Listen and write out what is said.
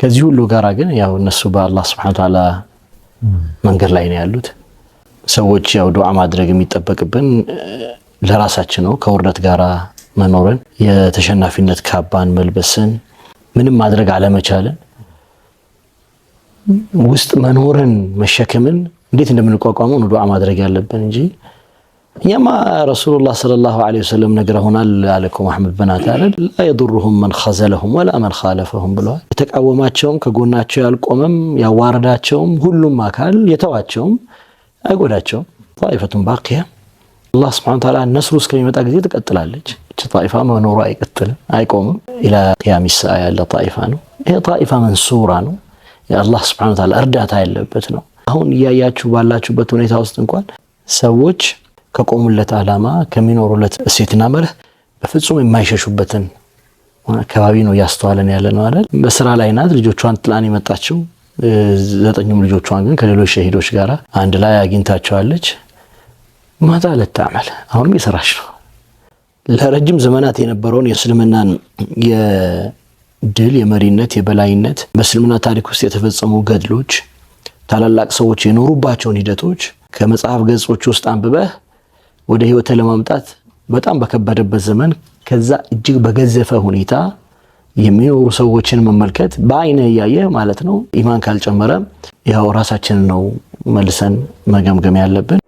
ከዚህ ሁሉ ጋር ግን ያው እነሱ በአላህ ስብሐነ ወተዓላ መንገድ ላይ ነው ያሉት። ሰዎች ያው ዱዓ ማድረግ የሚጠበቅብን ለራሳችን ነው፣ ከውርደት ጋር መኖርን፣ የተሸናፊነት ካባን መልበስን፣ ምንም ማድረግ አለመቻልን፣ ውስጥ መኖርን፣ መሸከምን እንዴት እንደምንቋቋመው ነው ዱዓ ማድረግ ያለብን እንጂ እኛማ ረሱሉላህ ሰለላሁ ዐለይሂ ወሰለም ነግረውናል አለ እኮ ብን አታለል ላ የዱሩሁም መን ኸዘለሁም ወላ መን ኻለፈሁም ብለዋል። የተቃወማቸውም ከጎናቸው ያልቆመም ያዋረዳቸውም ሁሉም አካል የተዋቸውም አይጎዳቸውም። ጣኢፈቱን ባቂያ አላህ ሱብሓነሁ ወተዓላ ነስሩ እስከሚመጣ ጊዜ ትቀጥላለች። እች ጣኢፋ መኖሩ አይቀጥልም አይቆምም። ኢላ ቂያሚ ሰዓ ያለ ጣኢፋ ነው። ይሄ ጣኢፋ መንሱራ ነው። የአላህ ሱብሓነሁ ወተዓላ እርዳታ ያለበት ነው። አሁን እያያችሁ ባላችሁበት ሁኔታ ውስጥ እንኳን ሰዎች ከቆሙለት ዓላማ ከሚኖሩለት እሴትና መርህ በፍጹም የማይሸሹበትን አካባቢ ነው እያስተዋለን ያለ ነው አይደል። በስራ ላይ ናት። ልጆቿን ጥላን የመጣችው ዘጠኙም ልጆቿን ግን ከሌሎች ሸሂዶች ጋር አንድ ላይ አግኝታቸዋለች። ማታ ልታመል አሁንም የሰራች ነው። ለረጅም ዘመናት የነበረውን የእስልምናን የድል የመሪነት የበላይነት በእስልምና ታሪክ ውስጥ የተፈጸሙ ገድሎች ታላላቅ ሰዎች የኖሩባቸውን ሂደቶች ከመጽሐፍ ገጾች ውስጥ አንብበህ ወደ ህይወት ለማምጣት በጣም በከበደበት ዘመን ከዛ እጅግ በገዘፈ ሁኔታ የሚኖሩ ሰዎችን መመልከት በአይነ እያየ ማለት ነው። ኢማን ካልጨመረ ያው ራሳችንን ነው መልሰን መገምገም ያለብን።